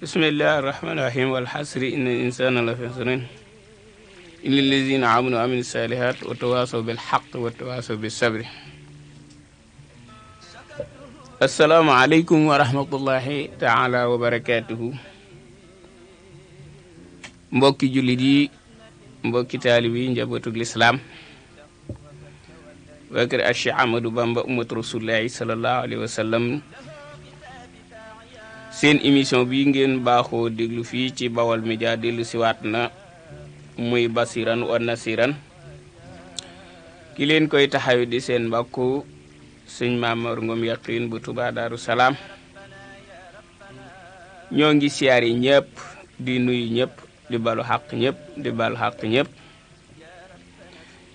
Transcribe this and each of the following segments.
بسم الله الرحمن الرحيم والحسر إن الإنسان لفي خسر إلا الذين آمنوا وعملوا الصالحات وتواصوا بالحق وتواصوا بالصبر السلام عليكم ورحمة الله تعالى وبركاته مبكي جلدي مبكي تالوين جابتو الإسلام وكر أشي عمد بامبا رسول الله صلى الله عليه وسلم seen émission bi ngeen baaxoo déglu fii ci Bawol Média dellu siwaat na muy basiran wa nasiran ki leen koy taxawi di seen mbokku sëñ Maamor Ngom Yakhine bu Touba Darou Salaam ñoo ngi yi ñëpp di nuyu ñëpp di balu xaq ñëpp di balu xaq ñëpp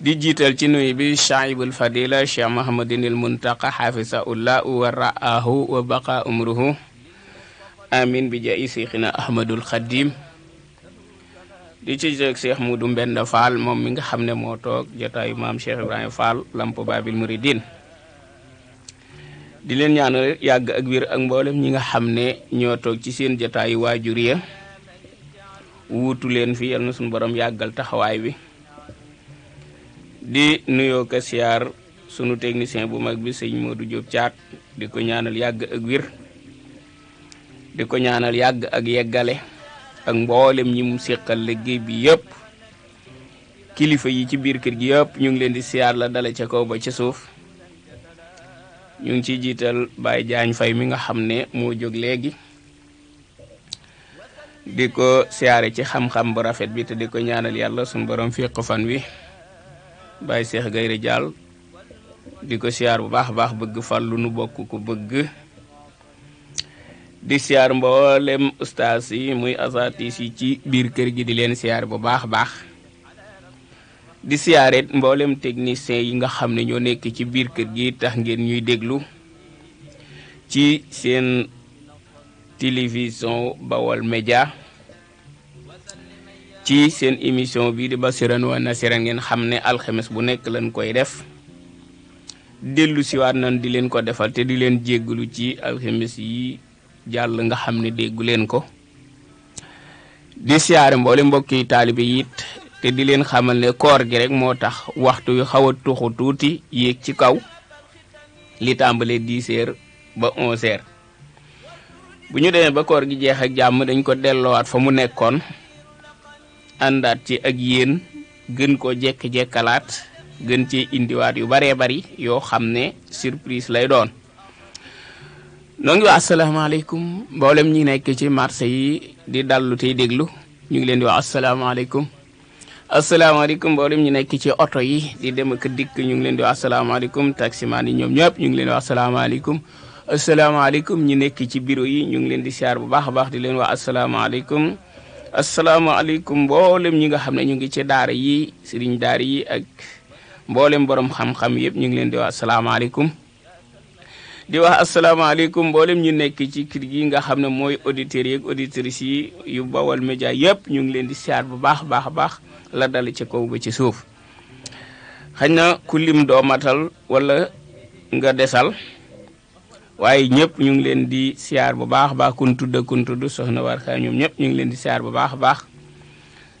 di jiital ci nuyu bi Chaibul Fadila Cheikh Mahamadinil Muntaka xafisa ullahu wa ra'ahu wa baqa umruhu amin bi jaay Seexina Ahmadul Xadim di ci jëkk Cheikh Moudou Mbenda Fall moom mi nga xam ne moo toog jotaayu maam Cheikh Ibrahima Fall Lamp Babil Mouridine di leen ñaanal yàgg ak wér ak mboolem ñi nga xam ne ñoo toog ci seen jotaayu waajur ya wuutu leen fi yal na suñu borom yàggal taxawaay bi di nuyoo ko siyaar sunu technicien bu mag bi sëñ Modou Diop Thiat di ko ñaanal yàgg ak wér di ko ñaanal yàgg ak yeggale ak mboolem ñi mu séqal liggéey bi yépp kilifa yi ci biir kër gi yépp ñu ngi leen di siyaar la dale ca kaw ba ca suuf ñu ngi ciy jiital Baye Diagne fay mi nga xam ne moo jóg léegi di ko siyaare ci xam-xam bu rafet bi te di ko ñaanal yàlla suñu borom fiq fan wi Baye Cheikh Gayre Diall di ko siyaar bu baax baax bëgg fàllu nu bokk ku bëgg di siar mbollem oustaz yi muy asatis yi ci bir kër gi di leen siar bu baax baax di siaré mbollem technicien yi nga xamné sen ñoo nekk ci bir kër gi tax ngeen ñuy déglu ci seen télévision Bawol Média ci seen émission bi di Basiran wa Nasiran ngeen xamné alxemes bu nekk lañ koy def dellu siwaat nan di leen ko defal te di leen jéggalu ci alxemes yi jàll nga xam ne déggu leen ko di siyaare mboole mbokki taalibe it te di leen xamal ne koor gi rek moo tax waxtu wi xaw a tuxu tuuti yéeg ci kaw li tàmbalee dix ba onze bu ñu demee ba koor gi jeex ak jàmm dañ ko delloowaat fa mu nekkoon àndaat ci ak yéen gën koo jekk-jekkalaat gën ci indiwaat yu baree bari yoo xam ne surprise lay doon noo ngi wax asalaamaaleykum mboolem ñi nekk ci marché yi di dallu tey déglu ñu ngi leen di wax asalaamaaleykum asalaamaaleykum mboolem ñi nekk ci oto yi di dem ak dikk ñu ngi leen di wax asalaamaaleykum taximaan yi ñoom ñëpp ñu ngi leen asalaamaaleykum asalaamaaleykum ñi nekk ci biro yi ñu ngi leen di siyaar bu baax a baax di leen wax asalaamaaleykum asalaamaaleykum mboolem ñi nga xam ne ñu ngi ci daar yi sëriñ daar yi ak mboolem borom xam-xam yëpp ñu ngi leen di wax asalaamaaleykum di wax asalaamaaleykum mboolem ñu nekk ci kër gi nga xam ne mooy auditeurs yeeg auditrices yi yu bawal média yëpp ñu ngi leen di siyaar bu baax baax a baax la dal ci kaw ba ci suuf xañ na ku lim doo matal wala nga desal waaye ñëpp ñu ngi leen di siyaar bu baax a baax kun tudd kun soxna Warka ñoom ñëpp ñu ngi leen di siyaar bu baax a baax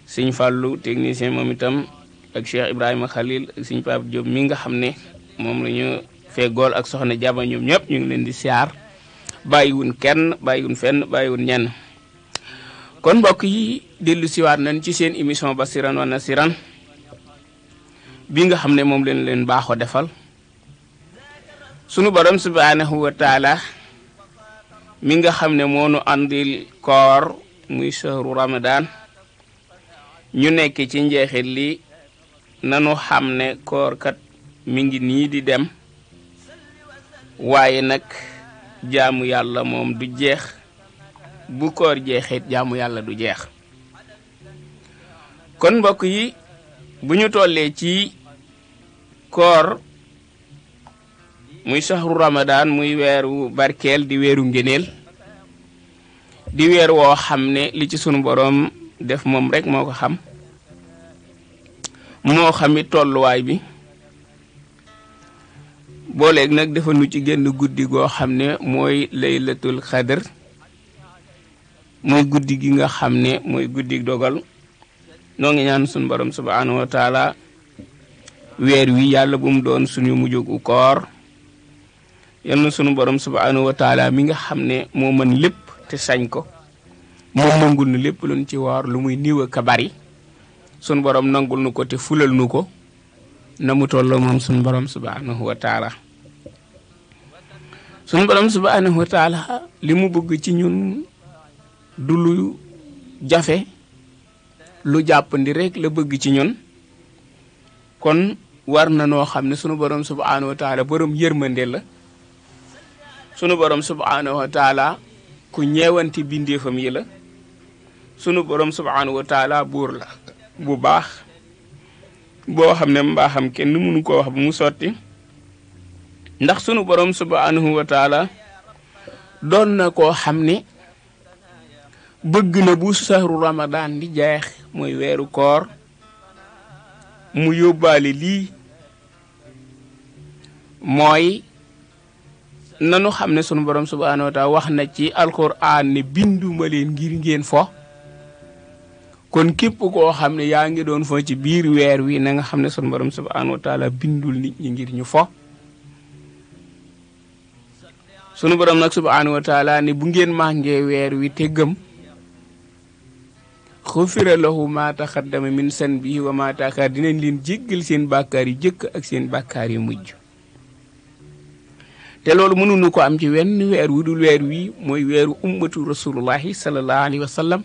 sëñ Fallou technicien moom itam ak Cheikh Ibrahima Khalil ak sëñ Pape Diop mi nga xam ne moom lañu Fegol ak soxna jaba ñom ñep ñu ngi leen di siar, bàyyiwun kenn bàyyiwun fenn bàyyiwun ñen kon mbokk yi ci waat nañ ci seen émission basiran wa nasiran bi nga xamne mom leen leen baxo defal sunu borom subhanahu wa taala mi nga xamne mo nu andil koor muy shahru ramadan ñu nekk ci njeexit li nanu xamne koor kat mi ngi ni di dem waaye nag jaamu yàlla moom du jeex bu koor jeexit jaamu yàlla du jeex kon mbokk yi bu ñu tollee ci koor muy saxru ramadaan muy weeru barkeel di weeru ngëneel di weer woo xam ne li ci sunu boroom def moom rekk moo ko xam moo xamit tolluwaay bi booleeg nag dafa nu ci génn guddi goo xam ne mooy laylatul xadar mooy guddi gi nga xam ne mooy guddi dogal noo ngi ñaan sun borom subhanahu wa taala weer wi yàlla bu mu doon suñu mujjugu koor yal sunu borom subhanahu wa taala mi nga xam ne moo mën lépp te sañ ko moom nangul nu lépp luñ ci woor lu muy niiw ka bari sun borom nangul nu ko te fulal nu ko na mu tolloo sun borom subhanahu wa taala sunu borom subhanahu wa taala li mu bëgg ci ñun du lu jafe lu jàppandi rek la bëgg ci ñun kon war na noo xam ne sunu borom subhanahu wa taala yërmande la sunu borom subhanahu wa ku ñeewanti bindeefam yi la sunu borom subhanahu wa taala buur la bu baax boo xam ne mbaaxam kenn mënu koo wax bu mu sotti ndax sunu borom subhanahu wa taala don na ko xamne bëgg na bu sahru ramadan di jeex moy wéru koor mu yóbbaale li moy nanu xamne sunu borom subhanahu wa taala wax na ci alquran ne binduma len ngir ngeen fo kon kep ko xamne yaangi don fo ci bir weer wi na nga xamne sunu borom subhanahu wa taala bindul nit ñi ngir ñu fo sunu borom nag subhanahu wa taala bu ngeen màngee weer wi te gëm xufira lahu maa taxaddama min san bi wa maa taakaar leen jéggal seen bàkkaar yi jëkk ak seen bàkkaar yu mujj te loolu mënuñu ko am ci wenn weer wu dul weer wi mooy weeru ummatu rasulullahi sallallahu alayhi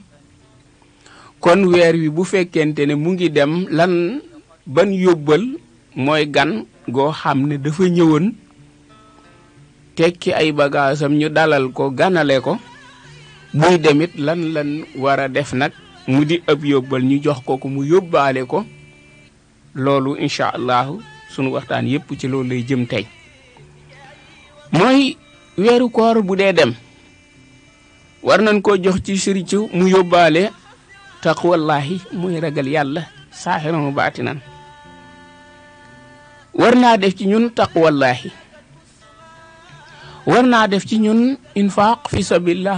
kon weer wi bu fekkente ne mu ngi dem lan ban yóbbal mooy gan goo xam ne dafa ñëwoon tekki ay bagaasam ñu dalal ko ganale ko buy demit lan lan war a def nag mu di ab yóbbal ñu jox ko ko mu yóbbaale ko loolu incha allah sunu waxtaan yépp ci loolu lay jëm tey mooy weeru koor bu dee dem war nañ koo jox ci sëriñ mu yóbbaale taqwallahi muy ragal yàlla saaxiran baatinaan war naa def ci ñun taqwallahi war naa def ci ñun infaaq fi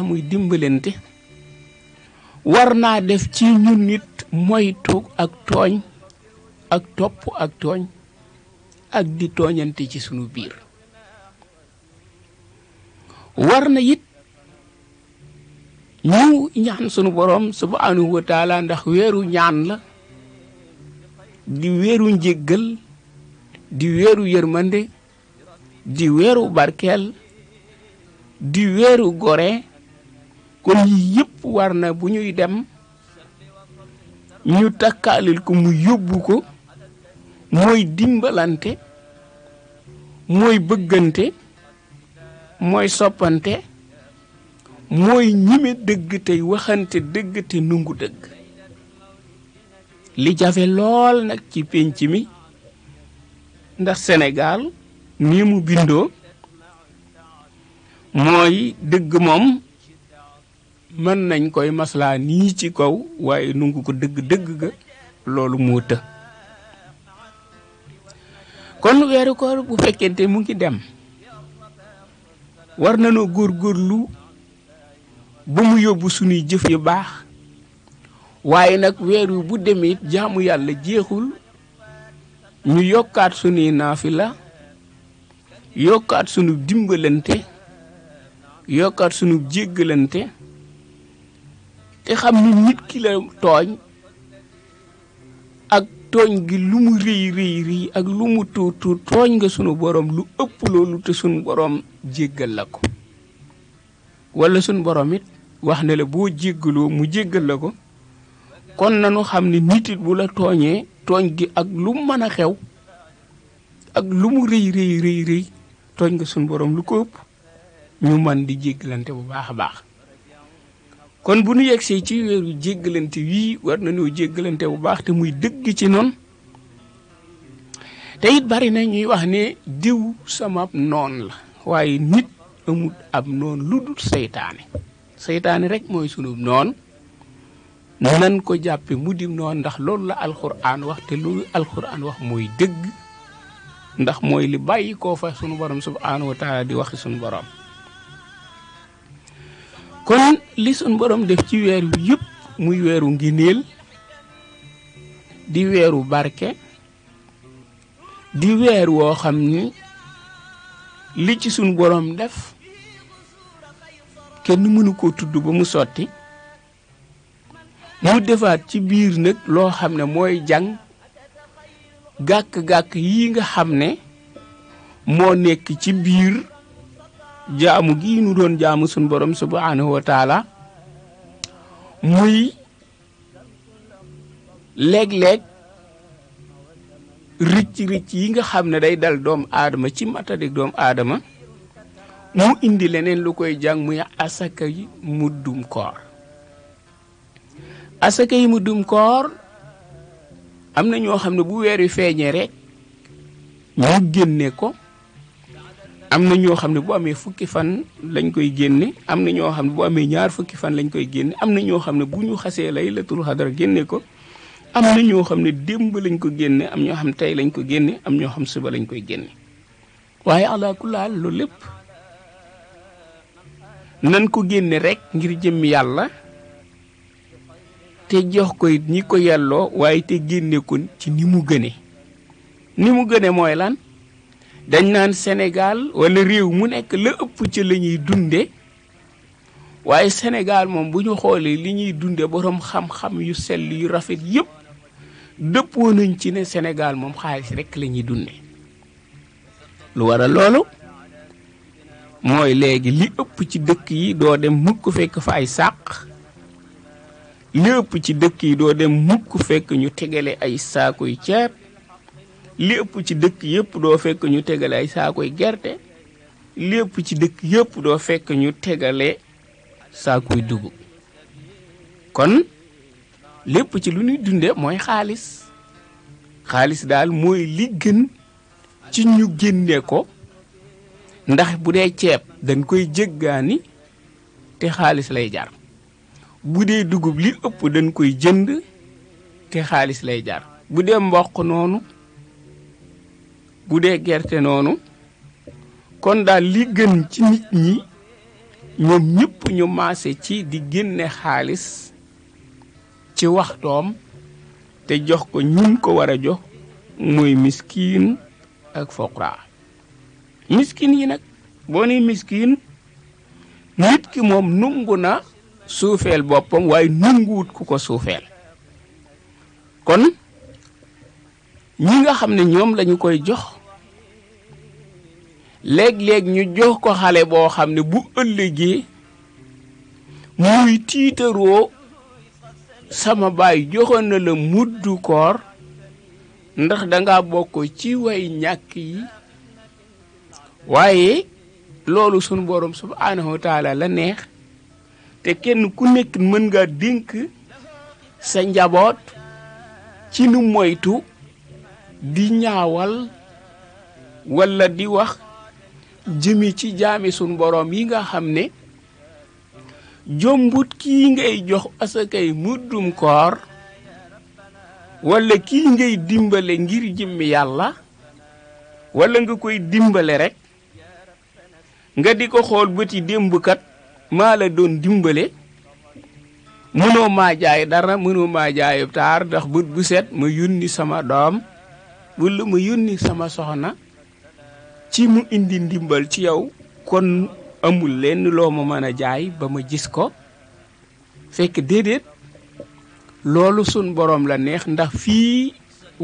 muy dimbalante war naa def ci ñun nit moytu ak tooñ ak topp ak tooñ ak di tooñante ci sunu biir war na it ñu ñaan sunu borom subhanahu wa ndax weeru ñaan la di weeru njéggal di weeru yërmande di weeru barkeel di weeru gore kon yi yëpp war na bu ñuy dem ñu takkaalil ko mu yóbbu ko mooy dimbalante mooy bëggante mooy soppante mooy ñime dëgg tey waxante dëgg te nungu dëgg li jafe lool nag ci pénc mi ndax Sénégal ni mu bindoo mooy dëgg moom mën nañ koy maslaa nii ci kaw waaye nungu ko dëgg dëgg ga loolu moo të kon weeru koor bu fekkente mu ngi dem war góor góorlu ba mu yóbbu sunuy jëf yu baax waaye nag weer wi bu demit jaamu yàlla jeexul ñu yokkaat sunuy naafi la yokkaat sunu dimbalante yokkat sunu jéggalante te xam ni nit ki la tooñ ak tooñ gi lu mu rëy rëy rëy ak lu mu tuut tuut tooñ nga sunu borom lu ëpp loolu te sunu borom jéggal la ko wala sunu borom wax ne la boo jéggaloo mu jéggal la ko kon nanu xam ni nit it bu la tooñee tooñ gi ak lu mën a xew ak lu mu rëy rëy rëy tooñ nga sunu borom lu ko ëpp. ñu man di jéggalante bu baax a baax kon bu ñu yegsee ci weeru jéggalante wii war nañoo jéggalante bu baax te muy dëgg ci noon te it bari na ñuy wax ne diw sama noon la waaye nit amut ab noon lu dul seytaane seytaane rek mooy sunu noon nan ko jàppe mu di noon ndax loolu la alxuraan wax te loolu alxuraan wax mooy dëgg ndax mooy li bàyyi koo fa sunu borom subhaanahu wa taala di waxi sunu borom kon li sun borom def ci weer wi yépp muy weeru ngineel di weeru barké di weer wo xamni li ci sun borom def kenn mënu ko tudd ba mu sotti mu defaat ci biir nag loo xam ne mooy jàng gàkk-gàkk yi nga xam ne moo ci biir jaamu gii nu doon jaamu sun borom subhanahu wa muy léeg-léeg ricc-ricc yi nga xam ne day dal doomu aadama ci matadik doomu aadama mu indi leneen lu koy jàng muy asaka yi muddum koor asaka yi muddum koor am na ñoo xam ne bu weer wi feeñee rek ñu génne ko am na ñoo xam ne bu amee fukki fan lañ koy génne am na ñoo xam ne bu amee ñaar fukki fan lañ koy génne am na ñoo xam ne bu ñu xasee lay laylatul xadar génne ko am na ñoo xam ne démb lañ ko génne am ñoo xam tey lañ ko génne am ñoo xam suba lañ koy génne waaye ala ku laal loolu lépp nan ko génne rek ngir jëm yàlla te jox ko ñi ko yàlloo waaye te génne ko ci ni mu gëne ni mu gëne mooy lan dañ naan senegaal wala réew mu nekk la ëpp ci la ñuy dunde waaye senegaal moom bu ñu xoolee li ñuy dunde boroom xam-xam yu sell yu rafet yëpp dëppoo nañ ci ne senegaal moom xaalis rekk lañuy dunde lu waral loolu mooy léegi li ëpp ci dëkk yi doo dem mukk fekk fa ay sàq li ci dëkk yi doo dem mukk fekk ñu tegale ay saaku saakuy ceeb li ëpp ci dëkk yëpp doo fekk ñu tegale ay saakoy gerte li ëpp ci dëkk yëpp doo fekk ñu tegale saakoy dugub kon lépp ci lu ñuy dunde mooy xaalis xaalis daal mooy li gën ci ñu génne ko ndax bu dee ceeb dañ koy jëggaani te xaalis lay jar bu dee dugub li ëpp dañ koy jënd te xaalis lay jar bu dee mboq noonu bu dee gerte noonu kon daal li gën ci nit ñi ñoom ñépp ñu maase ci di génne xaalis ci waxtoom te jox ko ñun ko war a jox mooy miskin ak foqraa miskin yi nag boo ne miskin nit ki moom nungu na suufeel boppam waaye nunguwut ku ko suufeel kon ñi nga xam ne ñoom lañu koy jox léeg-léeg ñu jox ko xale boo xam ne bu ëllëgee muy tiitaroo sama baay joxoon na la muddu koor ndax danga bokk ci way ñàkk yi waaye loolu sunu borom subhaanahu wa taala la neex te kenn ku nekk mën nga dénk sa njaboot ci nu moytu di ñaawal walla di wax jëmi ci jaami sun boroom yi nga xam ne jombut kii ngay jox asakay muddum koor wala kii ngay dimbale ngir jëmmi yàlla wala nga koy dimbale rekk nga di ko xool bëti démbkat maa la doon dimbale mënoo maa jaay dara mënoo maa jaayub taar ndax bët bu set ma yónni sama doom wala ma yónni sama soxna ci mu indi ndimbal ci yow kon amul lenn loo ma mën a jaay ba ma gis ko fekk déedéet loolu sun boroom la neex ndax fii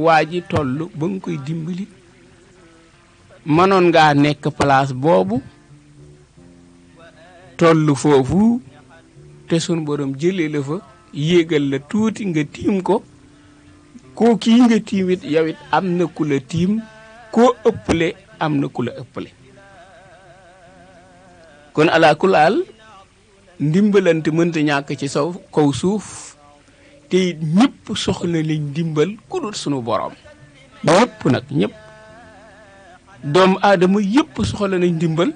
waa ji toll ba nga koy dimbali mënoon ngaa nekk place boobu toll foofu te sun boroom jëlee la fa yéegal la tuuti nga tiim ko koo kii nga tiimit yow am na ku la tiim ko ëpple am na ku la ëpple kon ala kulaal ndimbalante mënta ñàkk ci sow kaw suuf te ñépp ñëpp soxla liñ dimbal ku dul sunu boroom ñëpp nag ñépp doomu aadama yëpp soxla nañ ndimbal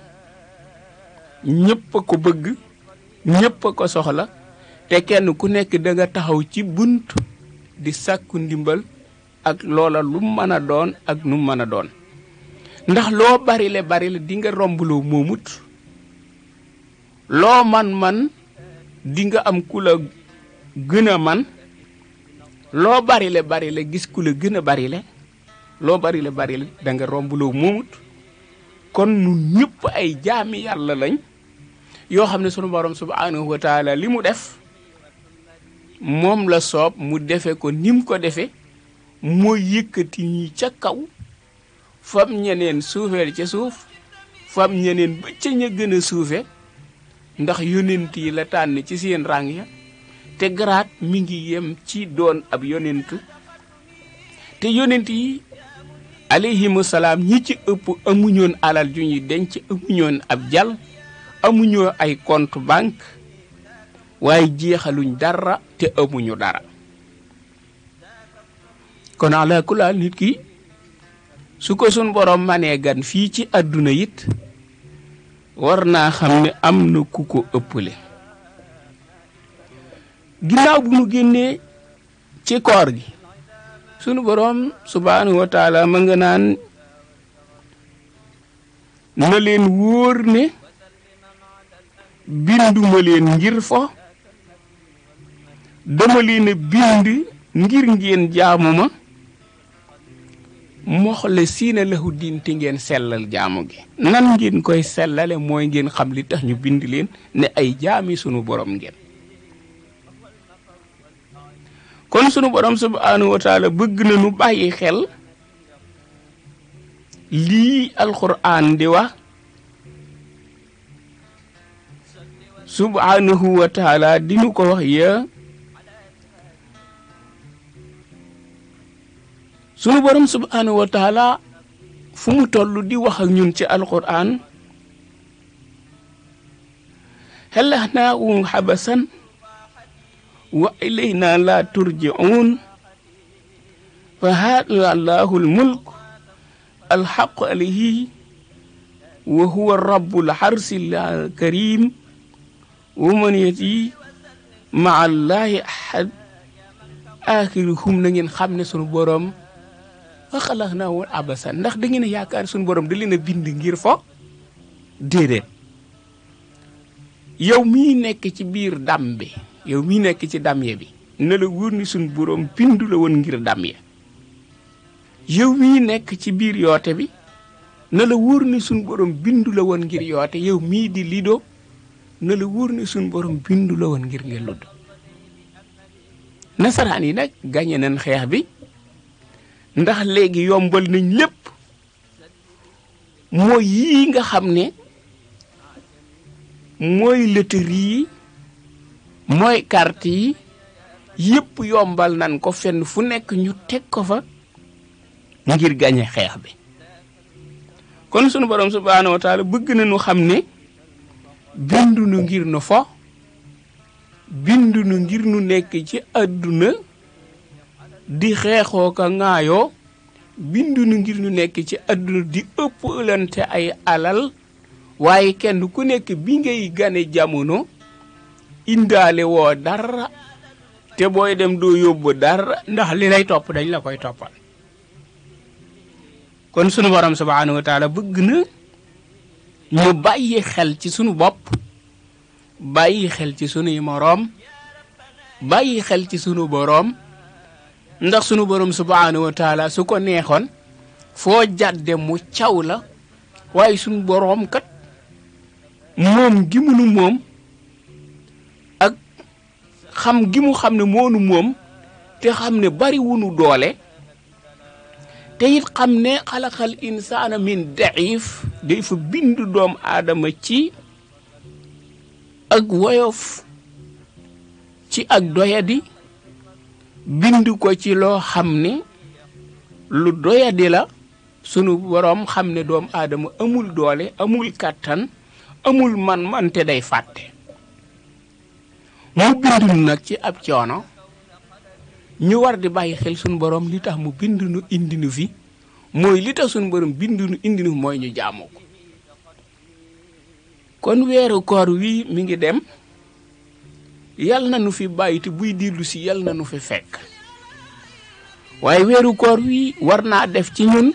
ñëpp a ko bëgg ñépp a ko soxla te kenn ku nekk danga taxaw ci bunt di sàkku ndimbal ak loola lu mën a doon ak nu mën a doon ndax loo barile le dinga le romb loo moomut loo man-man di nga am ku la gën a man loo barile le gis ku la gën a barile loo barile le danga le da romb loo moomut kon nun ñëpp ay jaami yàlla lañ yoo xam ne sunu borom subhanahu wa taala li mu def moom la soob mu defe ko nim ko defe moo yëkkati ñi ca kaw fab ñeneen suufeel ca suuf fab ñeneen ba ca ña gën a suufe ndax yonent yi la tànn ci seen ràng ya te garaat mi ngi yem ci doon ab yonent te yonent yi alayhimu salaam ñi ci ëpp amuñoon alal ju ñuy denc amuñoon ab jal amuñoo ay compte banque waaye jeexaluñ dara te amuñu dara kon ala nit ki su ko sun borom manee gan fii ci àdduna it war naa xam ne am na ku ko ëppale ginnaaw bu mu génnee ci koor gi sunu borom subhaanahu wa ma nga naan na leen wóor ne binduma leen ngir fo dama leen a bind ngir ngeen jaamu ma moxlisiina lahu diin te ngeen sellal jaamu gi nan ngeen koy sellale mooy ngeen xam li tax ñu bind leen ne ay jaami sunu borom ngeen kon sunu borom subhaanahu wa taala bëgg na nu bàyyi xel lii alquran di wax subhaanahu wa taala di nu ko wax ya sunu borom subhanahu wa fu mu toll di wax ak ñun ci alquran xelaxnaahu xabasan wa ilayna la turjiun fa haada allahu almulk alxaq alayhi wa huwa rabu alxarsi alkarim wa man yati ma allahi ahad axiruhum na ngeen xam ne sunu borom xalaqnaahu abasan ndax da ngeen a yaakaar suñu borom da leen a bind ngir fo déedéet yow mii nekk ci biir dam bi yow mii nekk ci damye bi ne la wóor ni suñu ngir damye yow mii nekk ci biir yoote bi na la wóor ni suñu borom bindu la ngir yoote yow mii di lido na la wóor ni suñu borom bindu la ngir nga nasaraan yi nag gañe nañ xeex bi ndax léegi yombal nañ lépp mooy yii nga xam ni mooy lëtëri yi mooy carte yi yëpp yombal nan ko fenn fu nekk ñu teg ko fa ngir gañe xeex bi kon sunu borom subhaanahu wa bëgg na nu xam ne bindu nu ngir nu fo bindu nu ngir nu nekk ci àdduna di xeexoo ka ŋaayoo binduñu ngir ñu nekk ci àdduna di ëppalante ay alal waaye kenn ku nekk bi ngay gane jamono indaale woo dara te booy dem doo yóbbu dara ndax li lay topp dañ la koy toppal kon sunu borom subhanahu wa taala bëgg na ñu bàyyi xel ci sunu bopp bàyyi xel ci sunuy moroom bàyyi xel ci sunu boroom ndax sunu borom subhanahu wa taala su ko neexon foo jàdde mu caw la waaye sunu borom kat moom gi munu moom ak xam gi mu xam ne moonu moom te xam ne bari wunu doole te it xam ne xalaqal insaana min daif day fa bind doom aadama ci ak woyof ci ak doya di bind ko ci loo xam ni lu doyadi la sunu boroom xam ne doomu aadama amul doole amul kàttan amul man-man te day fàtte mu bindul nag ci ab coono ñu war di bàyyi xel sunu boroom li tax mu bind nu indi nu fi mooy li tax sunu boroom bind nu indi nu mooy ñu jaamu ko kon weeru koor wi mi ngi dem yal na nu fi bàyyi te buy dillu si yal na nu fi fekk waaye weeru koor wi war naa def ci ñun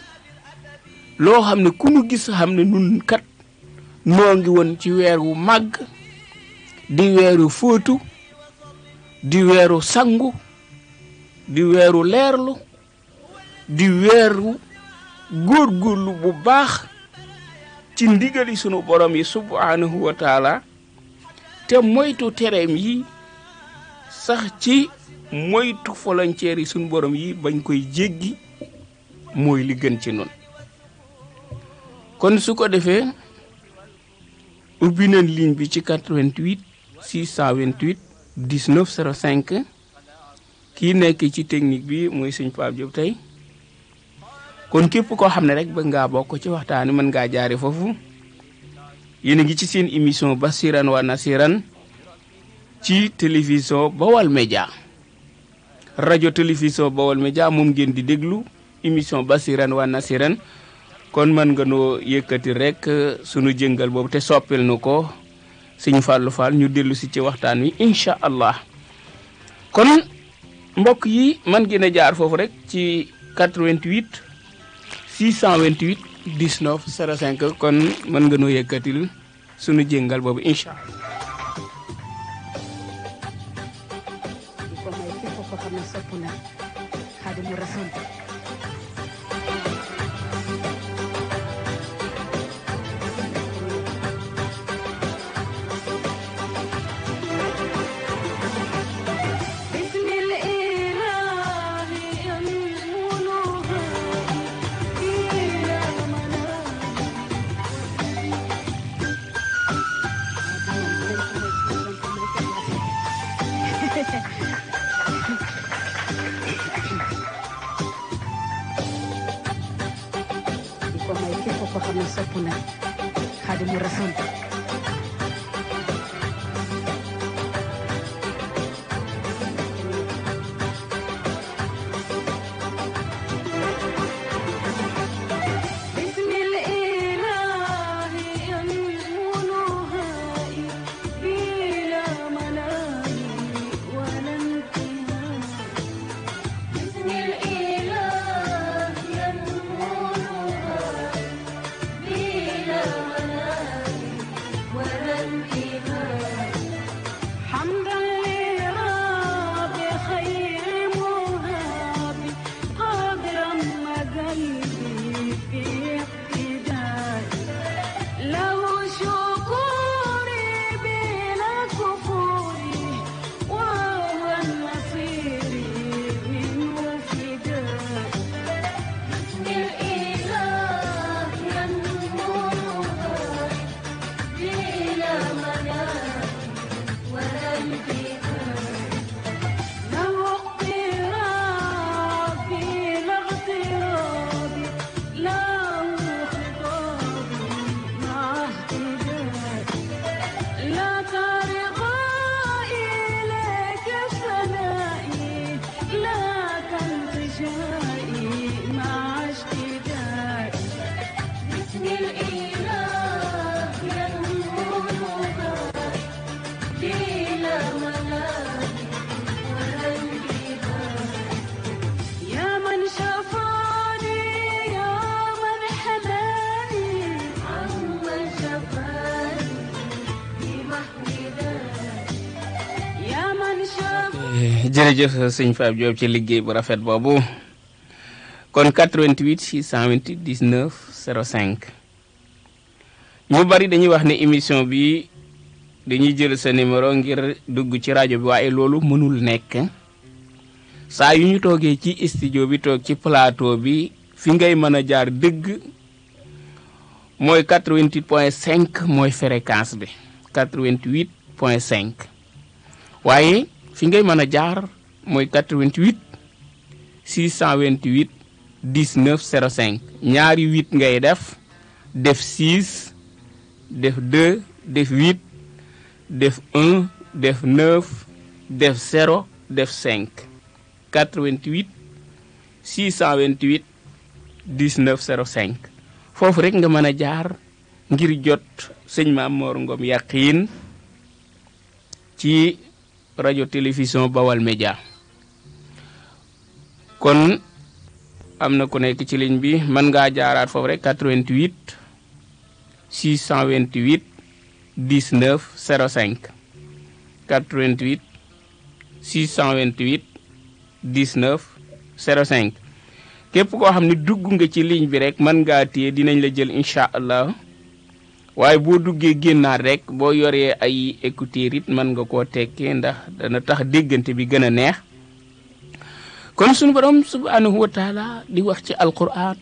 loo xam ne ku nu gis xam nun kat noo ngi woon ci weer di weeru fóotu di weeru sangu di weeru leerlu di weeru góorgóorlu bu baax ci ndigali sunu borom yi subhanahu wa taala te moytu tereem yi sax ci moytu volontaires yi suñ borom yi bañ koy jéggi mooy li gën ci noonu kon su ko defee ubbi nañ ligne bi ci 88 628 19 05 kii nekk ci technique bi mooy sëñ Pape Diop tey kon képp koo xam ne rek ba ngaa bokk ci waxtaan wi mën ngaa jaare foofu yéen a ngi ci seen émission Basiran wa Nasiran ci télévision Bawal Média rajo télévision Bawal Média moom ngeen di déglu émission Basiran wa Nasiran kon mën nga noo yëkkati rek euh, sunu jëngal boobu te soppil nu ko suñu fàllu fàll ñu dellu si ci waxtaan wi incha allah kon mbokk yi man ngeen a jaar foofu rek ci 88 628 19 05 kon mën nga ya noo yëkkatil sunu jëngal boobu incha allah. no sé poner. de mi razón. jërëjëf sëñ Fab Diop ci liggéey bu rafet boobu kon 88 628 05 ñu bari dañuy wax ne émission bi dañuy jël sa numéro ngir dugg ci rajo bi waaye loolu mënul nekk saa yu ñu toogee ci studio bi toog ci plateau bi fi ngay mën a jaar dëgg mooy 88.5 mooy fréquence bi 88.5 waaye fi ngay mën a jaar mooy 88 628 19 05 ñaari 8 ngay def def 6 def 2 def 8 def 1 def 9 def 0 def 5 88 628 19 05 foofu rek nga mën a jaar ngir jot sëñ Maam Mor Ngom Yakhine ci rajo télévision Bawal Média kon am na ku nekk ci ligne bi mën ngaa jaaraat foofu rek 88 628 19 05 88 628 19 05 képp koo xam ne dugg nga ci ligne bi rek mën ngaa téye dinañ la jël incha allah waaye boo duggee génnaat rek boo yoree ay écouteurs it mën nga koo tekkee ndax dana tax diggante bi gën a neex. kon sunu borom subhanahu wa taala di wax ci alquran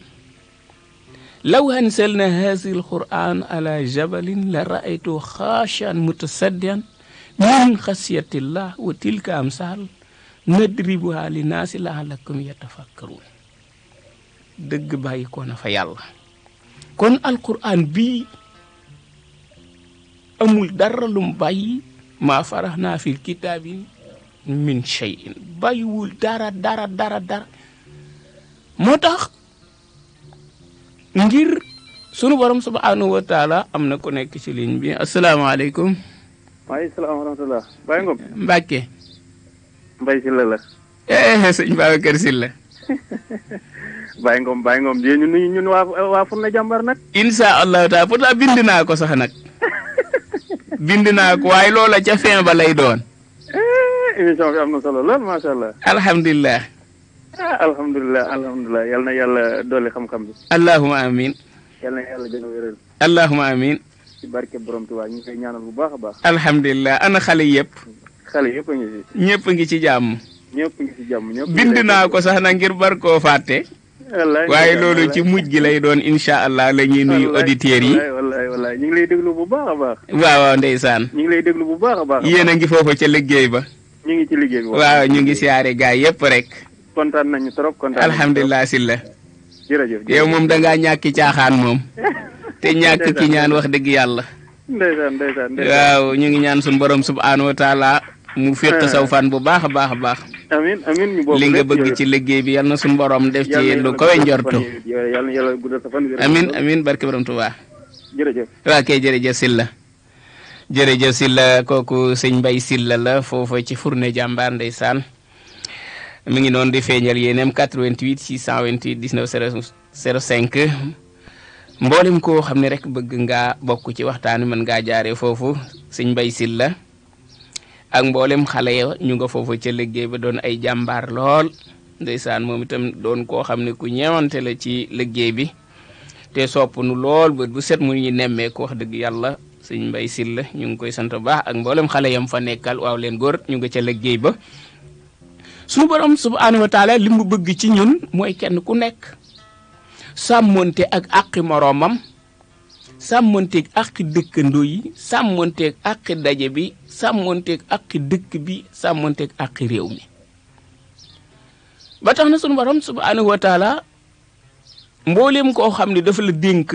law anzalna hazi alquran ala jabalin la raaytu khashan mutasaddian min khasiyati llah wa tilka amsal nadribuha linnaasi laalakum yatafakkarun dëgg bàyyi ko na fa yàlla kon alquran bii amul dara lum bàyyi maa farax naa fil kitaabin min shay'in bàyyiwul dara dara dara dara moo tax ngir sunu borom subhanahu wa am na ku nekk ci ligne bi asalaamaaleykum. maaleykum salaam wa rahmatulah. Baye Ngom Mbacke. Mbaye Sylla la. Eh, sëñ Babacar Sylla. Baye Ngom ñun ñun waa waa Furna jàmbar nag. allahu taala pourtant bind naa ko sax nag. bind naa ko waaye loola ca fin ba doon. Eh, émission bi am na solo lool ya, macha ya, allah. alhamdulilah. ah alhamdulilah alhamdulilah yal na yàlla dolli xam-xam bi. allahuma amin. yal na yàlla gën a wéral. allahuma amin. ci barke borom Tuubaa ñu koy ñaanal bu baax a baax. alhamdulilah ana xale yëpp. xale yëpp a ngi ci. ñëpp ngi ci jàmm. ñëpp ngi ci jàmm ñëpp. bind naa ko sax na ngir bar koo fàtte. waaye loolu ci mujj gi lay doon incha allah la ñuy nuyu auditeur yi. wallaay wallaay ñu ngi lay déglu bu baax a baax. waaw waaw ndeysaan. ñu ngi lay déglu bu baax a baax. yéen a ngi foofa ca liggéey ba. ñu ngi ci liggéey bi. waaw ñu ngi siyaare gaay yëpp rek. kontaan nañu trop kontaan nañu alhamdulilah Sylla. jërëjëf yow moom da ngaa ñàkki caaxaan moom. te ñàkk ki ñaan wax dëgg yàlla. waaw ñu ngi ñaan suñu borom subhaanahu wa taala mu féq eh. saw fan bu baax a baax a baax. amiin amiin ñu bokk li nga bëgg ci liggéey bi yal na suñu borom def ci lu kawe njortu. yal na yàlla guddal sa fan. kay jërëjëf Sylla jërëjëf Silla kooku sëñ Mbay Silla la foofa ci Fourné jàmbaar ndeysaan mu ngi noon di feeñal yéeneem 88 628 19 05 mboolem koo xam ne rek bëgg ngaa bokk ci waxtaan wi mën ngaa jaaree foofu sëñ Mbay Silla ak mboolem xale ya ñu nga foofu ca liggéey ba doon ay jàmbaar lool ndeysaan moom itam doon koo xam ne ku ñeewante la ci liggéey bi te sopp nu lool bët bu set mu ñu nemmee ko wax dëgg yàlla sëñ Mbay la ñu ngi koy sant bu baax ak mboolem xale yam fa nekkal waaw leen góor ñu nga ca liggéey ba suñu borom subhaanahu wa li mu bëgg ci ñun mooy kenn ku nekk sàmmoonte ak àqi moroomam sàmmonteeg àqi dëkkandoo yi sàmmonteeg àqi daje bi sàmmonteeg àqi dëkk bi sàmmonteeg àqi réew mi ba tax na suñu borom subhaanahu wa mboolem koo xam ne dafa la dénk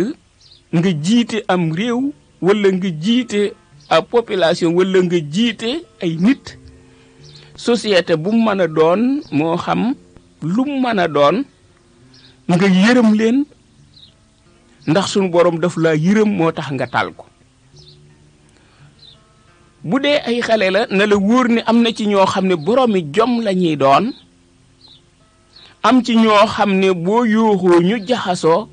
nga jiite am réew wala nga jiite a population wala nga jiite ay nit société bu mën a doon moo xam lu mën a doon nga yërëm leen ndax sunu borom daf laa yërëm moo tax nga taal ko bu dee ay xale la na la wóor ni am na ci ñoo xam ne boroomi jom lañuy doon am ci ñoo xam ne boo yooxoo ñu jaxasoo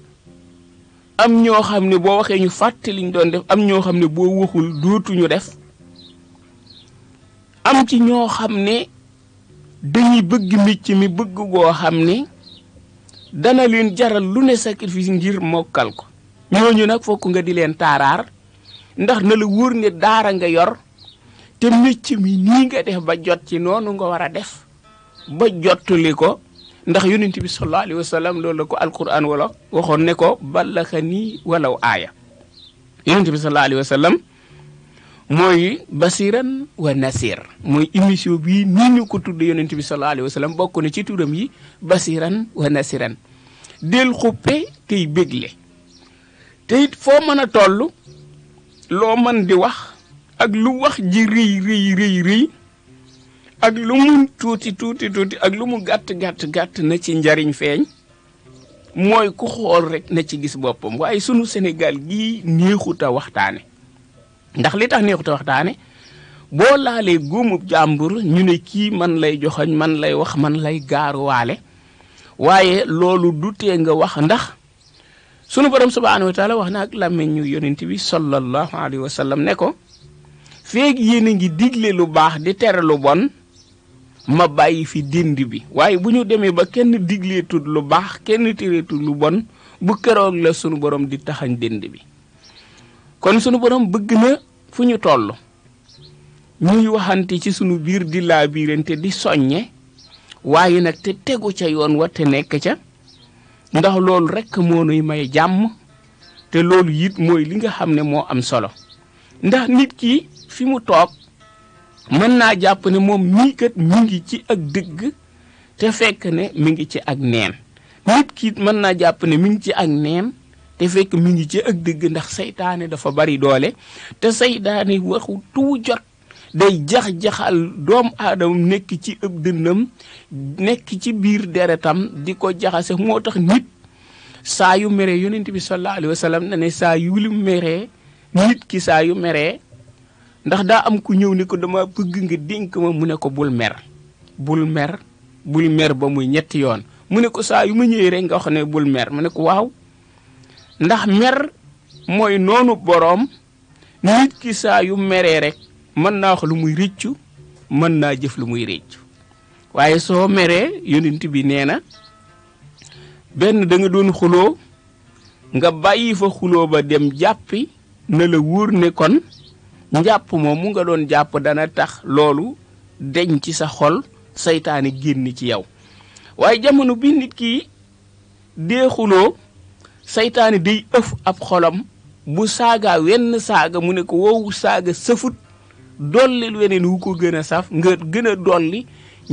am ñoo xam ne boo waxee ñu fàtte liñ doon def am ñoo xam ne boo waxul dootuñu def am ci ñoo xam ne dañuy bëgg micc mi bëgg goo xam ne dana leen jaral lu ne sacrifice ngir mokkal ko ñooñu nag fokk nga di leen taaraar ndax na la wóor ne daara nga yor te micc mi nii nga def ba jot ci noonu nga war a def ba jottali ko ndax yonent bi sallallahu alayhi wa sallam loolu la ko alquran wala waxoon ne ko ballaxa nii walaw aaya yonent bi sallallahu alayhi wa mooy basiran wa nasir mooy émission bii nii ñu ko tudd yonent bi sallallahu alayhi wa sallam bokk na ci turam yi basiran wa nasiran del xuppe tey bégle te it foo mën a toll loo mën di wax ak lu wax ji rëy rëy rëy ak lu mu tuuti tuuti tuuti ak lu mu gàtt gàtt gàtt na ci njariñ feeñ mooy ku xool rek na ci gis boppam waaye sunu Sénégal gii neexut a waxtaane ndax li tax neexut a waxtaane boo laalee góomub jàmbur ñu ne kii man lay joxoñ man lay wax man lay gaaruwaale waaye loolu du tee nga wax ndax sunu borom subhaanahu wa taala wax na ak làmmiñ ñu yonent bi sallallahu alayhi wa sallam ne ko feeg yéen a ngi digle lu baax di tere lu bon ma bàyyi fi dindi bi waaye bu ñu demee ba kenn digleetul lu baax kenn téreetul lu bon bu keroog la sunu borom di taxañ dindi bi kon sunu borom bëgg na fu ñu toll ñuy waxante ci sunu biir di laa biirante di soññe waaye nag te tegu ca yoon wa te nekk ca ndax loolu rekk moo nuy may jàmm te loolu it mooy li nga xam ne moo am solo ndax nit ki fi mu toog mën naa jàpp ne moom mii kat mi ngi ci ak dëgg te fekk ne mu ngi ci ak neen nit ki mën naa jàpp ne mi ngi ci ak neen te fekk mu ngi ci ak dëgg ndax seytaane dafa bari doole te seytaane waxu tuu jot day jax-jaxal doomu aadama nekk ci ëb dënnam nekk ci biir deretam di ko jaxase moo tax nit saa yu mere yonent bi sallallahu alayhi wa sallam na ne saa yu lu meree nit ki saa yu meree ndax daa am ku ñëw ni ko dama bëgg nga dénk ma mu ne ko bul mer bul mer bul mer ba muy ñetti yoon mu ne ko saa yu ma ñëwee rek nga wax ne bul mer mu ne ko waaw ndax mer mooy noonu boroom nit ki saa yu meree rek mën naa wax lu muy rëccu mën naa jëf lu muy rëccu waaye soo meree yonent bi nee na benn da nga doon xuloo nga bàyyi fa xuloo ba dem jàppi na la wóor ne kon njàpp moom mu nga doon jàpp dana tax loolu deñ ci sa xol seytaane génn ci yow waaye jamono bi nit ki deexuloo seytaane day ëf ab xolam bu saagaa wenn saaga mu ne ko woowu saaga sëfut dollil weneen wu ko gën a saf nga gën a dolli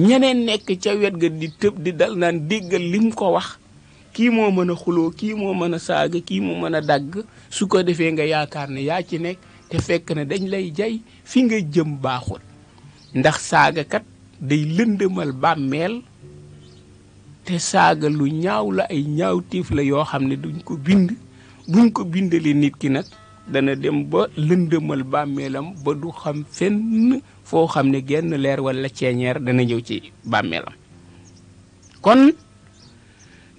ñeneen nekk ca wet ga di tëb di dal naan déggal lim ko wax kii moo mën a xuloo kii moo mën a saaga kii moo mën a dagg su ko defee nga yaakaar ne yaa ci nekk te fekk ne dañ lay jay fi nga jëm baaxul ndax saagakat day lëndëmal bàmmeel te saaga lu ñaaw la ay ñaawtiif la yoo xam ne duñ ko bind buñ ko bindalee nit ki nag dana dem ba lëndëmal bàmmeelam ba du xam fenn foo xam ne genn leer walla ceeñeer dana ñëw ci bàmmeelam kon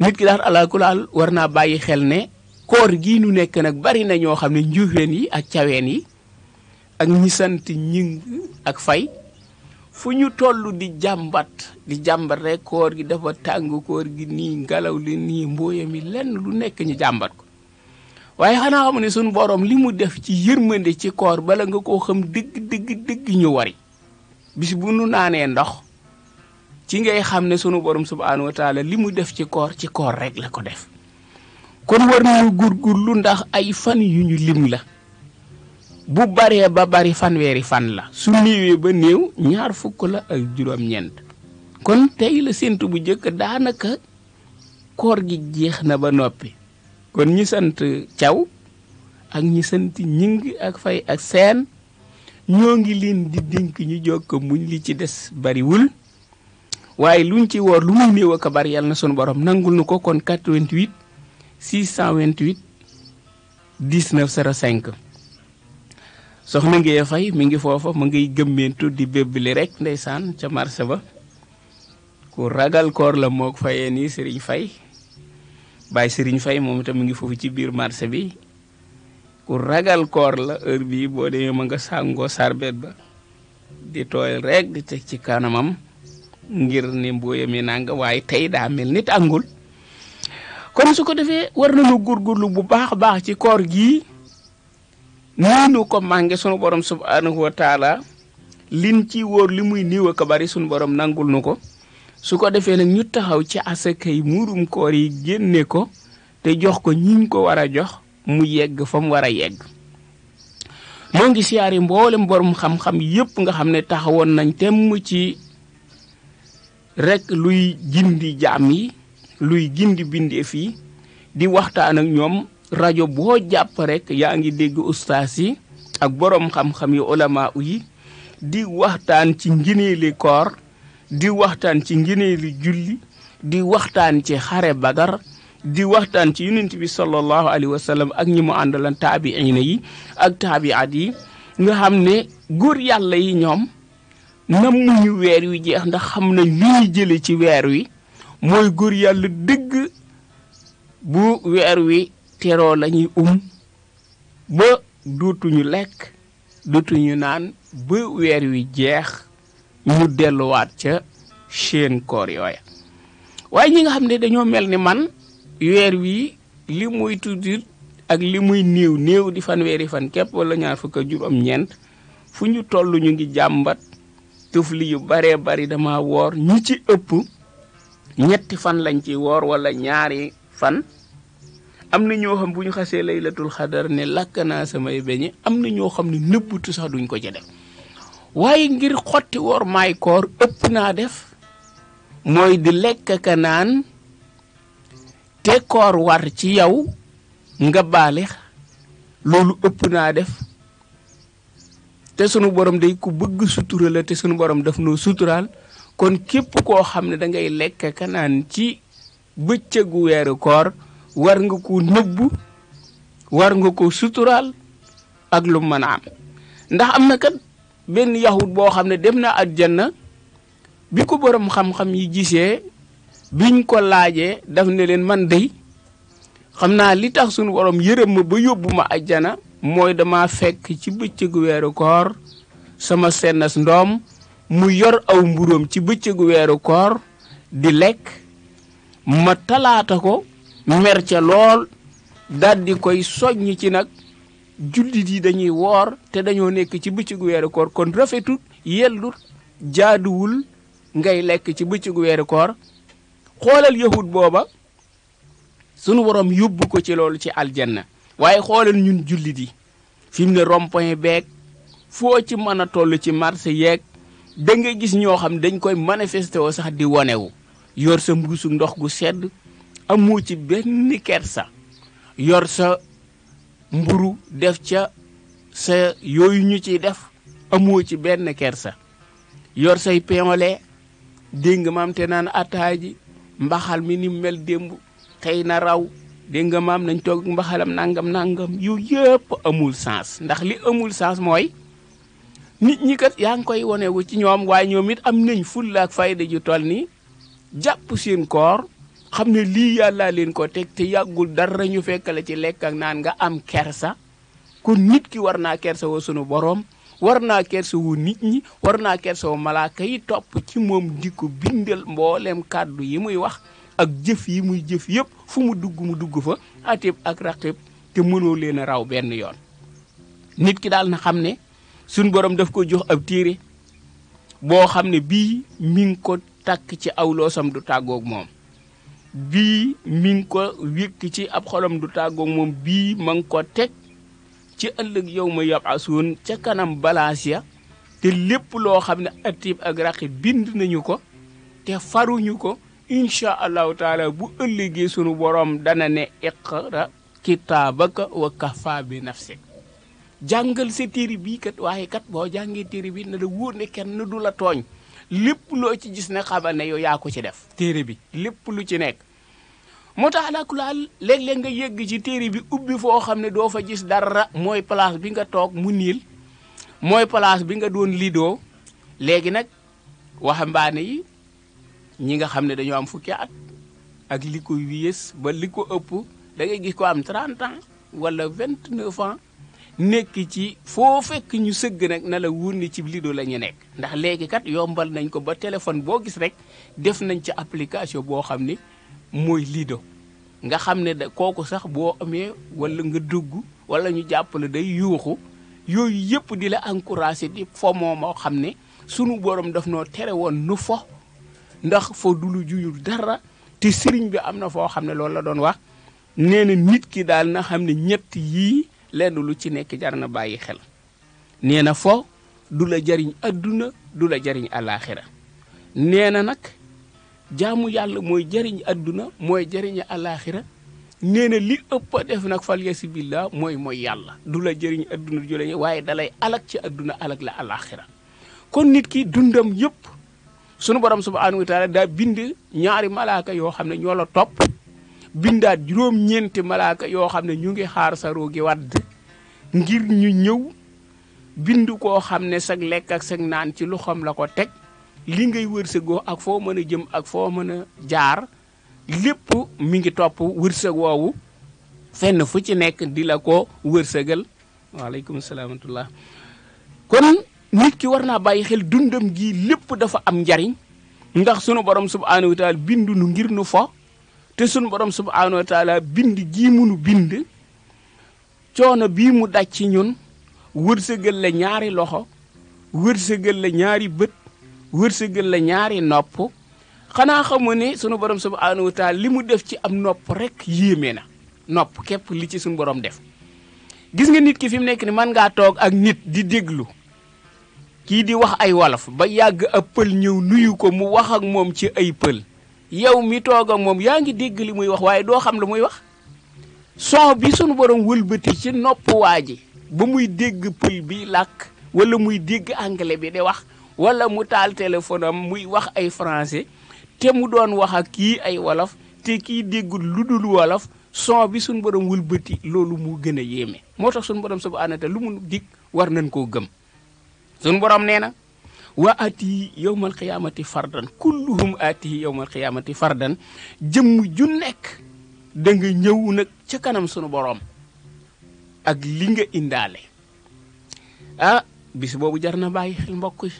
nit ki daal alaakulaal war naa bàyyi xel ne koor gi nu nekk nag bari na ñoo xam ne njuufeen yi ak caween yi ak ñi sant ñing ak fay fu ñu toll di jàmbat di jàmbat rek koor gi dafa tàng koor gi nii ngelaw li nii mbooya mi lenn lu nekk ñu jàmbat ko waaye xanaa xam ne suñu boroom li mu def ci yërmande ci koor bala nga koo xam dëgg dëgg dëgg ñu wari bis bu nu naanee ndox ci ngay xam ne sunu borom subhanahu wa taala li mu def ci koor ci koor rek la ko def kon war nañu gurgurlu ndax ay fan yu ñu lim la bu bare ba bari fanweeri fan la su néewee ba néew ñaar fukk la ak juroom ñent kon tey la sentu bu jëkk daanaka koor gi jeex na ba noppi kon ñi sant ciaw ak ñi sant ñing ak fay ak seen ñoo ngi leen di dénk ñu jokk muñ li ci des bariwul waaye luñ ci woor lu muy néew ak bari yàlla na sun borom nangul nu ko kon 88 628 19 05 soxna Ngéye Faye mi ngi foofa mu ngiy gëmmeentu di bébbili rek ndeysaan ca marché ba ku ragal koor la mook fayee nii Serigne fay Baye Serigne Faye moom itam mu ngi foofu ci biir marché bi ku ragal koor la heure bii boo demee ma nga sàngoo sarbet ba di tooyal rek di teg ci kanamam ngir ne mbooya mi nanga waaye tey daa mel nit àngul kon su ko defee war na nañu góorgóorlu bu baax a baax ci koor gii niinu ko mànge sunu borom subhanahu wa taala lin ci wóor li muy niiw ak bari sunu borom nangul nu ko su ko defee nag ñu taxaw ci asakay muurum koor yi génne ko te jox ko ñiñ ko war a jox mu yegg fa mu war a yegg moo ngi siyaari mboolem borom xam-xam yépp nga xam ne taxawoon nañ temm ci rekk luy jindi jaam yi luy gindi bindeef yi di waxtaan ak ñoom rajo boo jàpp rekk yaa ngi dégg ustaas yi ak boroom xam-xam yi ulama yi di waxtaan ci ngineeli koor di waxtaan ci ngineeli julli di waxtaan ci xare bagar di waxtaan ci yonent bi sallallahu alayhi wa ak ñi mu àndalan taabiina yi ak taabiat yi nga xam ne góor yàlla yi ñoom nam muñu weer wi jeex ndax xam na lu ñu jële ci weer wi mooy góor yàlla dëgg bu weer wi teroo lañuy ñuy um ba dootuñu lekk dootuñu naan ba weer wi jeex ñu delluwaat ca seen koor yooya waaye ñi nga xam ne dañoo mel ni man weer wi li muy tuuti ak li muy néew néew di fanweeri fan képp wala ñaar fukk ak juróom-ñeent fu ñu toll ñu ngi jàmbat tëf yu baree bari dama woor ñu ci ëpp ñetti fan lañ ci woor wala ñaari fan am na ñoo xam bu ñu xasee laylatul xadar ne lakk naa samay beñe am na ñoo xam ne nëbbutu sax duñ ko ci def waaye ngir xotti woor maay koor ëpp naa def mooy di lekk ka naan te koor war ci yow nga baale loolu ëpp naa def te sunu borom day ku bëgg sutura la te sunu borom daf noo suturaal kon képp koo xam ne da ngay lekk ka naan ci bëccëgu weeru koor war nga ko nëbb war nga ko sutural ak lu mën am ndax am na kat benn yahud boo xam ne dem na aljanna bi ko borom xam-xam yi gisee biñ ko laajee daf ne leen man day xam naa li tax sunu borom yërëm ma ba yóbbu ma aljanna mooy dama fekk ci bëccëgu weeru koor sama sennas ndoom mu yor aw mburoom ci bëccëgu weeru koor di lekk ma talaata ko mer ca lool daldi koy soññ ci nag jullit yi dañuy woor te dañoo nekk ci bëccëgu weeru kon rafetut yellut jaaduwul ngay lekk ci bëccëgu weeru xoolal yahud booba sunu borom yóbbu ko ci loolu ci aljanna waaye xoolal ñun jullit yi fim mu ne rond beeg foo ci mën a toll ci marché yeeg da ngay gis ñoo xam dañ koy manifesté woo sax di wonewu yor sa mbuusu ndox gu sedd amoo ci benn kersa yor sa mburu def ca sa yooyu ñu ci def amoo ci benn kersa yor say pinole dégg nga maam te naan attaay mbaxal mi ni mel démb xëy na raw dégg nga maam nañ toog mbaxalam nangam nangam yu yëpp amul sens ndax li amul sens mooy nit ñi kat yaa ngi koy wonewu ci ñoom waaye ñoom it am nañ fulla ak fayda ju toll nii jàpp seen koor xam ne lii yàllaa leen ko teg te yàggul dara ñu fekkale ci lekk ak naan nga am kersa kon nit ki war naa kersa woo sunu borom war naa kersa wu nit ñi war naa kersa wu malaaka yi topp ci moom di ko bindal mboolem kàddu yi muy wax ak jëf yi muy jëf yépp fu mu dugg mu dugg fa atib ak raqib te mënoo leen a raw benn yoon nit ki daal na xam ne suñ borom daf ko jox ab téere boo xam ne bii min ko takk ci aw loosam du tàggoog moom bii min ko wékk ci ab xolom du tàggoog moom bii ma ko teg ci ëllëg yow ma yab asuun ca kanam balaas ya te lépp loo xam ne atib ak raqib bind nañu ko te faruñu ko incha allahu taala bu ëllëgee sunu borom dana ne iqra kitaabaka wa kafa bi jàngal sa téere bii kat waaye kat boo jàngee téere bi na la wóor ne kenn du la tooñ lépp loo ci gis ne xamal ne yow yaa ko ci def téere bi lépp lu ci nekk moo tax alakulaal léeg-léeg nga yëgg ci téere bi ubbi foo xam ne doo fa gis dara mooy place bi nga toog mu niil mooy place bi nga doon lidoo léegi nag waxambaane yi ñi nga xam ne dañoo am fukki at ak li ko wies ba li ko ëpp da ngay gis ko am 30 ans wala 29 ans nekk ci foo fekk ñu sëgg nag na la wóor ni ci Lido lañu nekk ndax léegi kat yombal nañ ko ba téléphone boo gis rek def nañ ci application boo xam ne mooy Lido nga xam ne da kooku sax boo amee wala nga dugg wala ñu jàppale day yuuxu yooyu yëpp di la encouragé di fo moom moo xam ne sunu borom daf noo tere woon nu fo ndax fo du lu dara te sëriñ bi am na foo xam ne loolu la doon wax nee na nit ki daal na xam ne ñett yii lenn lu ci nekk jar na bàyyi xel nee na fo du la jariñ adduna du la jariñ alaaxira nee na nag jaamu yàlla mooy jariñ adduna mooy jariñ alaaxira nee na li ëpp a def nag fal yasi billah mooy mooy yàlla du la jëriñ adduna du jëriñ waaye dalay alak ci adduna alak la alaaxira kon nit ki dundam yëpp sunu borom subhanahu wa taala daa bind ñaari malaaka yoo xam ne ñoo la topp bindaat juróom-ñeenti malaaka yoo xam ne ñu ngi xaar sa ruu gi wadd ngir ñu ñëw bind koo xam ne sag lekk ak sag naan ci lu xam la ko teg li ngay wërsëgoo ak foo mën a jëm ak foo mën a jaar lépp mi ngi topp wërsëg woowu fenn fu ci nekk di la ko wërsëgal waaleykum salaamatullaa kon nit ki war naa bàyyi xel dundam gi lépp dafa am njariñ ndax sunu borom subhaanahu wa taala bindu nu ngir nu fo te sunu borom subhaanahu wa bind gii munu bind coono bii mu daj ci ñun wërsëgël la ñaari loxo wërsëgal la ñaari bët wërsëgal la ñaari nopp xanaa xamu ne sunu borom subhaanahu wa li mu def ci am nopp rek yéeme na nopp képp li ci sunu borom def gis nga nit ki fi mu nekk ni mën ngaa toog ak nit di déglu kii di wax ay wolof ba yàgg ab pël ñëw nuyu ko mu wax ak moom ci ay pël yow mi toog ak moom yaa ngi dégg li muy wax waaye doo xam lu muy wax son bi sunu borom wëlbati ci nopp waa ji ba muy dégg pël bi làkk wala muy dégg anglais bi di wax wala mu taal téléphone am muy wax ay français te mu doon wax ak kii ay wolof te kii déggul lu dul wolof son bi sunu borom wëlbati loolu mu gën a yéeme moo tax sunu borom subhaanahu wa lu mu dig war nañ koo gëm sunu borom nee na. wa atihi yowmal qiyaamati fardan kulluhum atihi yowmal qiyaamati fardan jëmm ju nekk da nga ñëw nag ca kanam sunu boroom ak li nga indaale ah bis boobu jar na bàyyi xel mbokk yi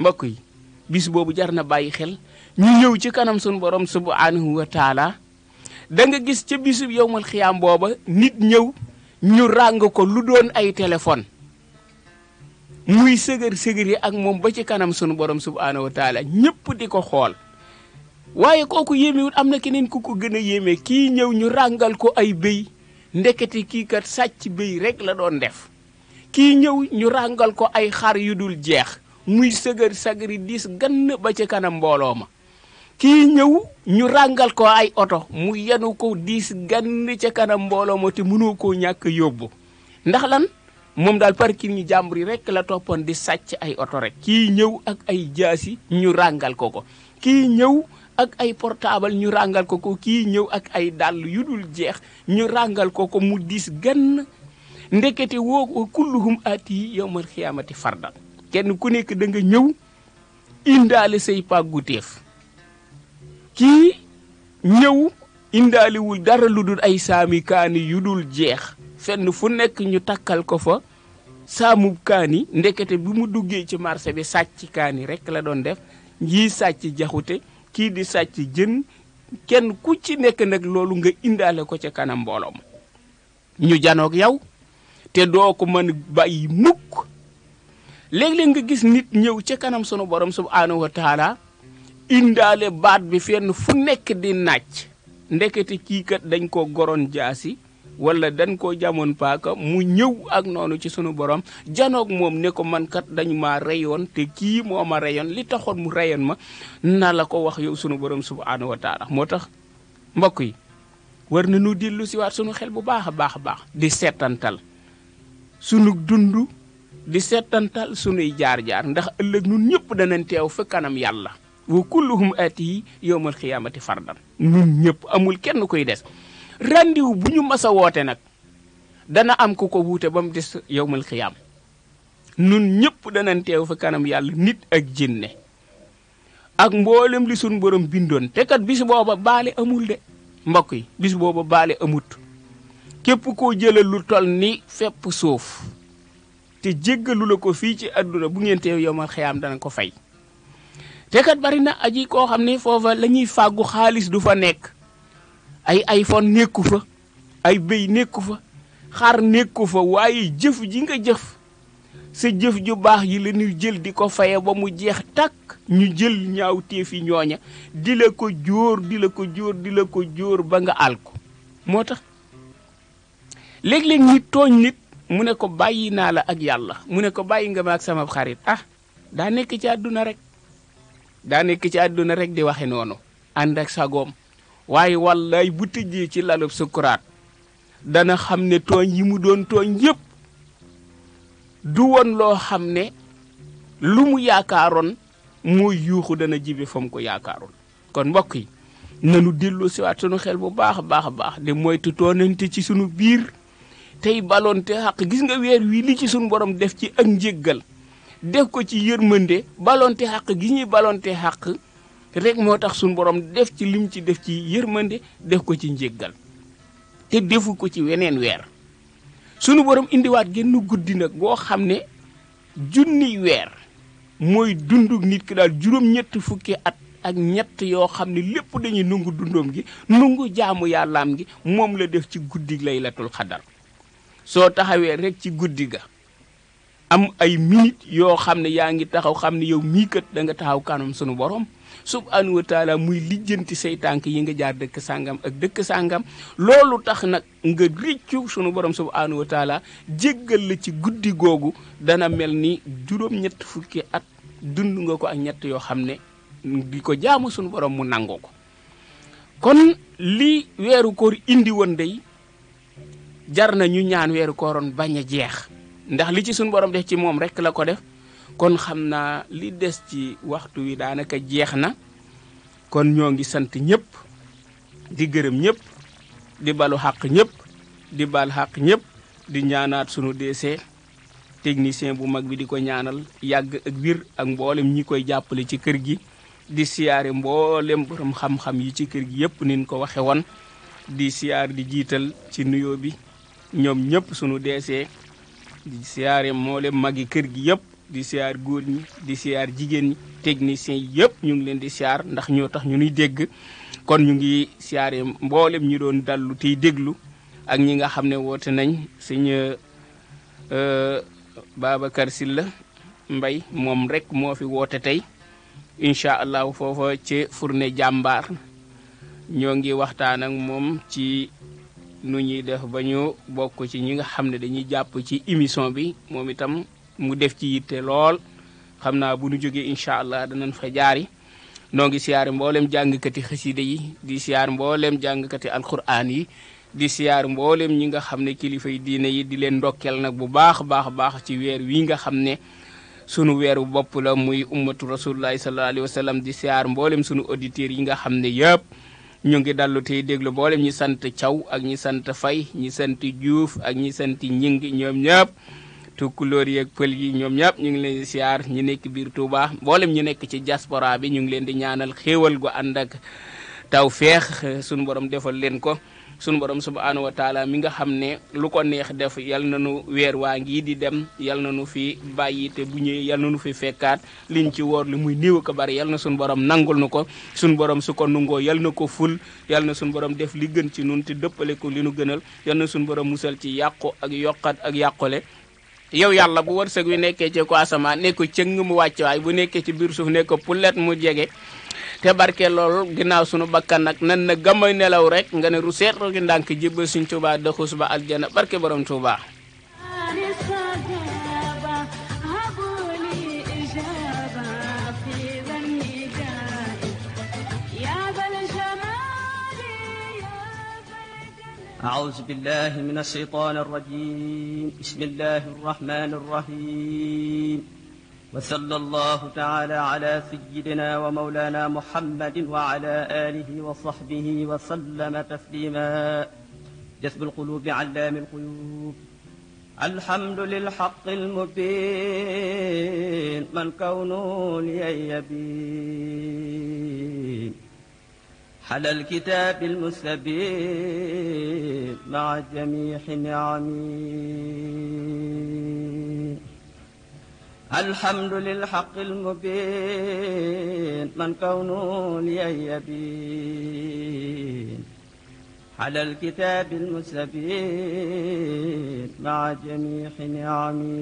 mbokk yi bis boobu jar na bàyyi xel ñu ñëw ci kanam sunu borom subhanahu wa taala da nga gis ca bisub yowmal xiyaam booba nit ñëw ñu ràng ko lu doon ay téléphone muy sëgër sëgër ak moom ba ci kanam sunu borom subhaanahu wa taala ñëpp di ko xool waaye kooku yéemewut am na keneen ku ko gën a yéeme kii ñëw ñu ràngal ko ay béy ndekete kii kat sàcc béy rek la doon def kii ñëw ñu ràngal ko ay xar yu dul jeex muy sëgër sëgër yi diis gann ba ci kanam mbooloo ma kii ñëw ñu ràngal ko ay oto mu yenu ko diis gann ca kanam mbooloo ma te mënoo koo ñàkk yóbbu ndax lan moom daal parking ñu jàmbur yi rek la toppoon di sàcc ay oto rekk kii ñëw ak ay jaasi ñu ràngal ko ko kii ñëw ak ay portable ñu ràngal ko ko kii ñëw ak ay dàll yu dul jeex ñu ràngal ko ko mu diis gann ndekete woo kulluhum aati yowmal xiyaamati fardan kenn ku nekk da nga ñëw indaale say pàggu téef kii ñëw indaale dara lu dul ay saami kaani yu dul jeex fenn fu nekk ñu takkal ko fa saamub kaani ndekete bi mu duggee ci marché bi sàcc kaani rekk la doon def ñii sàcc jaxute kii di sàcc jën kenn ku ci nekk nag loolu nga indaale ko ca kanam mbooloom ñu janoog yow te doo ko mën bàyyi mukk léeg-léeg nga gis nit ñëw ca kanam sunu borom subhaanahu wa taala indaale baat bi fenn fu nekk di nàcc ndekete kii kat dañ ko goroon jaasi wala dañ koo jamoon paaka mu ñëw ak noonu ci sunu borom janook moom ne ko mankat dañu ma reyoon te kii moo ma reyoon li taxoon mu reyoon ma na la ko wax yow sunu borom subhaanahu wa taala moo tax mbokk yi war nañu dellu siwaat sunu xel bu baax a baax a baax di seetantal sunu dund di seetantal sunuy jaar-jaar ndax ëllëg nun ñëpp danañ teew fa kanam yàlla wa kulluhum aatihi yowmal xiyaamati fardan nun ñëpp amul kenn kuy des rendiw bu ñu mas a woote nag dana am ku ko wuute ba mu des yowmal xiyaam nun ñëpp danañ teew fa kanam yàlla nit ak jinne ak mboolem li sun borom bindoon te kat bis booba baale amul de mbokk yi bis booba baale amut képp koo jëlal lu tol ni fepp suuf te jéggalu ko fii ci àdduna bu ngeen teew yowmal xiyaam dana ko fay te kat bari na aji koo xam ne foofa la fàggu xaalis du fa nekk ay iPhone nekku fa ay béy nekku fa xar nekku fa waaye jëf ji nga jëf sa jëf ju baax yi lañu jël di ko faye ba mu jeex tàkk ñu jël ñaaw teefi ñooña di la ko jóor di la ko jóor di la ko jóor ba nga àl moo tax léeg-léeg tooñ nit mu ne ko bàyyi naa la ak yàlla mu ne ko bàyyi nga ma ak sama xarit ah daa nekk ci àdduna rekk daa nekk ci àdduna rek di waxe noonu ànd ak sagoom waaye wallaay bu tëjee ci lalub sukuraat dana xam ne tooñ yi mu doon tooñ yépp du woon loo xam ne lu mu yaakaaroon moo yuuxu dana jibe fa mu ko yaakaaroon kon mbokk yi nanu dellu siwaat sunu xel bu baax a baax a baax de moytu toonante ci sunu biir tey baloonte xaq gis nga weer wii li ci sunu borom def ci ak njéggal def ko ci yërmande baloonte xaq gi ñuy baloonte xaq rek moo tax suñu borom def ci lim ci def ci yërmande def ko ci njéggal te defu ko ci weneen weer sunu borom indiwaat genn guddi nag boo xam ne junniy weer mooy dunduk nit ki daal juróom-ñett fukki at ak ñett yoo xam ne lépp dañuy nungu dundoom gi nungu jaamu yàllaam gi moom la def ci guddi lay latul xadar soo taxawee rek ci guddi ga am ay minit yoo xam ne yaa ngi taxaw xam ne yow mii kat da taxaw kaanam sunu boroom subhanahu wa taala muy lijjanti say tànk yi nga jaar dëkk sàngam ak dëkk sàngam loolu tax nag nga riccu sunu borom subhanahu wa taala la ci guddi googu dana mel ni juróom-ñett fukki at dund nga ko ak ñett yoo xam ne di ko jaamu sunu borom mu nangoo ko kon li weeru koor indi woon day jar na ñu ñaan weeru kooroon bañ a jeex ndax li ci sunu borom def ci moom rek la ko def kon xam naa li des ci waxtu wi daanaka jeex na kon ñoo ngi sant ñëpp di gërëm ñëpp di balu xàq ñëpp di bal xàq ñëpp di ñaanaat sunu deesee technicien bu mag bi di ko ñaanal yàgg ak wir ak mboolem ñi koy jàppale ci kër gi di siyaare mboolem borom xam-xam yi ci kër gi yëpp nin ko waxe woon di siyaar di jiital ci nuyoo bi ñoom ñëpp sunu deesee di siyaare mboolem magi kër gi yëpp di siyaar góor ñi di siyaar jigéen ñi techniciens yëpp ñu ngi leen di siyaar ndax ñoo tax ñu nuy dégg kon ñu ngi siyaaree mboolem ñu doon dallu tey déglu ak ñi nga xam ne woote nañ sëñ euh, Babacar Sylla Mbay moom rek moo fi woote tey incha allahu foofa ci furne jàmbaar ñoo ngi waxtaan ak moom ci nu ñuy def ba ñu bokk ci ñi nga xam ne dañuy jàpp ci émission bi moom itam mu def ci yitte lool xam naa bu nu jógee incha allah danañ fa jaari noo ngi siyaar mboolem jàngkati xasida yi di mbooleem siyaar mboolem jàngkati alquran yi di siyaar mbooleem ñi nga xam ne kilifa yi diine yi di leen ndokkeel nag bu baax baax baax ci weer wii nga xam ne sunu weeru bopp la muy ummatu rasulullahi sallallahu alayhi wa sallam di siyaar mbooleem sunu auditeurs yi nga xam ne yëpp ñu ngi dallu tey déglu mboolem ñi sant caw ak ñi sant fay ñi sant Diouf ak ñi sant Ñing ñoom ñëpp. tu couleur ak pël yi ñoom ñëpp ñu ngi leen di siyaar ñu nekk biir Touba booleem ñu nekk ci jaspora bi ñu ngi leen di ñaanal xéewal gu ànd ak taw feex sunu borom defal leen ko sunu borom subhaanahu wa taala mi nga xam ne lu ko neex def yal na nu weer waa ngii di dem yal na nu fi bàyyi te bu ñëwee yal na nu fi fekkaat liñ ci woor li muy néew ko bari yal na sunu borom nangul nu ko sunu borom su ko nungoo yal na ko ful yal na sunu borom def li gën ci nun te dëppale ko li nu gënal yal na sunu borom musal ci yàqu ak yokkat ak yàqule yow yàlla bu wërsëg wi nekkee ci ko asamaan ne ko cëng mu wàcc waay bu nekkee ci biir suuf ne ko pullet mu jege te barke lool ginnaaw sunu bakkan nag nan na gamay nelaw rek nga ne ru seet rogi ndànk jibba suñ Tuubaa dëxus ba aljana barke borom Tuubaa أعوذ بالله من الشيطان الرجيم بسم الله الرحمن الرحيم وصلى الله تعالى على سيدنا ومولانا محمد وعلى آله وصحبه وسلم تسليما جذب القلوب علام القيوب الحمد للحق المبين من كونه ليبين على الكتاب المستبين مع جميع نعمي الحمد للحق المبين من كونه لي يبين على الكتاب المستبين مع جميع نعمي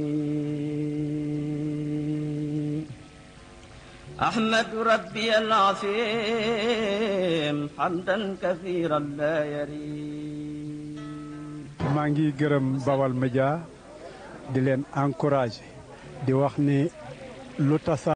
أحمد ربي العظيم حمدا كثيرا لا يريد مانجي جرم بوال مجا دلين انكوراجي دي وخني لوتاسا